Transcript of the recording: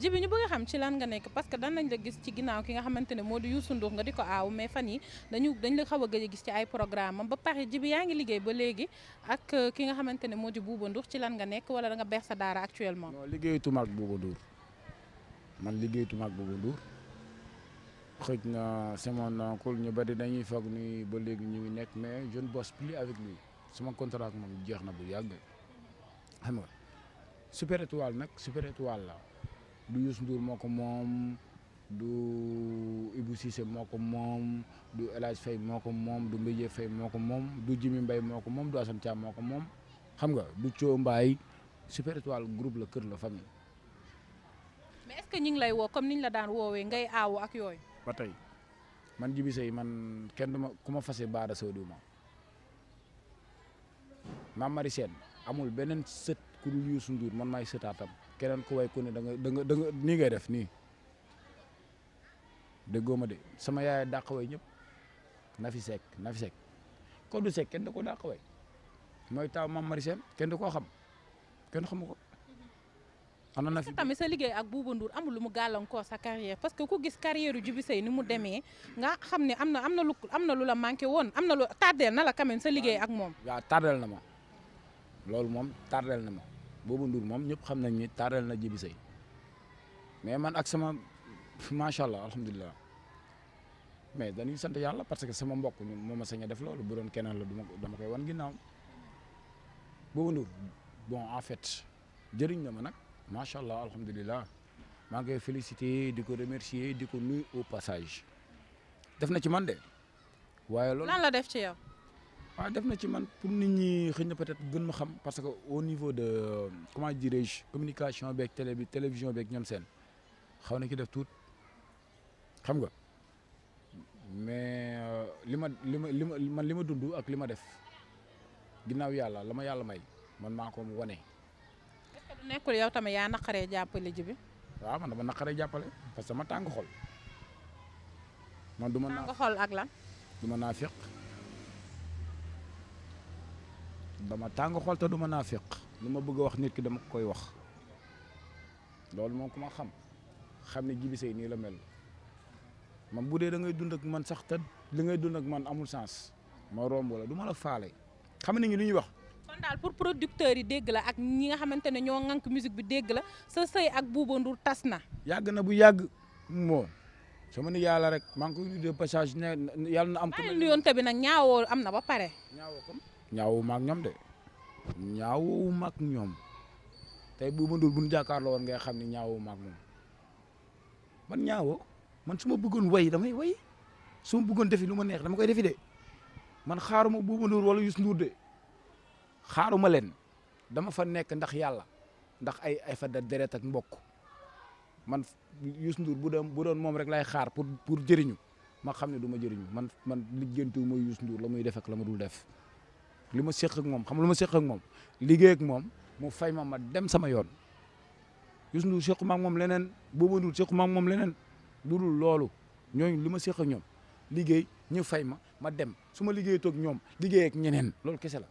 jibi ñu bëgg a xam ci lan nga nekk parce que dan nañ la gis ci ginnaaw ki nga xamante moo di Youssou Ndour nga di ko aw mais fan yi dañu dañ la xaw a gëj a gis ci ay programme am ba pare jibi yaa ngi liggéey ba léegi ak euh, ki nga xamante ne moo di Bouba Ndour ci lan nga nekk wala danga beex sa daara actuellement non liggéeyatuma ak Bouba Ndour man liggéeyatuma ak Bouba Ndour xëj na c'est mon ñu bari dañuy foog ni ba léegi ñu ngi nekk mais je ne bosse avec lui suma contrat moom jeex na bu yàgg am nga super étoile nag super étoile la du Youssou Ndour moo ko moom du Ibou Cissé moo ko moom du El Hadj moo ko moom du Mbéjé Faye moo ko moom du Jimi Mbaye moo ko moom du Assane moo ko moom xam nga du Thio Mbaye super étoile groupe la kër la famille. mais est-ce ñu ngi lay woo comme niñ la daan woowee ngay aawu ak yooyu. ba tey man Djiby Sèye man kenn du ma ku ma fase baara sëw ma Mame Marie amul beneen sët ku dul Youssou Ndour man maay sëtaatam keneen ku way ku ne da nga da nga da nga nii ngay def nii déggoo ma de sama yaay dàq way ñëpp Nafi Seck Nafi Seck ko du Seck kenn da ko dàq way mooy taw Mame Marie kenn da koo xam kenn xamu ko. am na Nafi tamit sa liggéey ak Bouba Ndour amul lu mu gàllankoor sa carrière parce que ku gis carrière yu Djiby Sèye ni mu demee nga xam ne am na am na lu am na lu la manqué woon am na lu tardel na la quand sa liggéey ak moom. waaw tardel na ma. loolu moom tardel na ma boobu nduur moom ñëpp xam nañ ni tardel na Djiby mais man ak sama macha allah alhamdulilah mais dañuy sant yàlla parce que sama mbokk moom ma sañ a def loolu bu doon keneen la duma dama koy wan ginnaaw boobu Ndour bon en fait jëriñ na ma nag macha allah alhamdulillah maa ngi koy féliciter di ko remercier di ko nuyu au passage def na ci man de waaye loolu waa ah, def na ci man pour nit ñi xëy na peut-être gën ma xam parce que au niveau de comment dirais-je communication beeg télé bi télévision beeg ñoom seen xaw na ci def tuut xam nga mais euh, li ma li ma li ma man li ma dund ak li ma def ginnaaw yàlla la ma yàlla may man maa ko wane. du nekkul yow tamit yaa naqaree jàppale ji bi. waaw man dama naqaree jàppale parce que ma tàng xol. man du ma naa tàng xol ak lan. dama tàng xol te du ma naa féq lu ma bëgg a wax nit ki dama koy wax loolu moom ku ma xam xam ne Djiby Seye nii la mel man bu dee da ngay dund man sax te li ngay dund ak man amul sens ma romb la du ma la faale xam nañu li ñuy wax. pour producteurs yi dégg la ak ñi nga xamante ne ñoo ŋànk musique bi dégg la sa sëy ak Bouba Ndour tas na. yàgg na bu yàgg moo sama ni yàlla rek maa ngi koy nuyu de passage ne yàlla na am. ko mel ni yoonte bi nag ñaawoo am na ba pare. ñaawoo ñaawu maak ñoom de ñaawuma ak ñoom te tey bu ma dul bu jàkkaarloo woon ngay xam ne ñaawuma ak moom man ñaawoo man su ma bëggoon way damay way su ma bëggoon defi lu ma neex dama koy defi de man xaaruma Bouba Ndour wala Youssou Ndour de xaaruma leen dama fa nekk ndax yàlla ndax ay ay fa da deret ak mbok man Youssou Ndour bu doon bu doon moom rek lay xaar pour pour jëriñu ma xam ne du ma jëriñu man man liggéentu mooy Youssou Ndour la muy def ak la ma dul def li ma séq ak moom xam lu ma séq ak moom liggéey ak moom mu fay ma ma dem sama yoon Youssou Ndour séqu ma moom leneen Bouba Ndour séqu ma moom leneen lu loolu ñooñu li ma séq ak ñoom liggéey ñu fay ma ma dem su ma liggéey ñoom liggéey ak ñeneen loolu kese la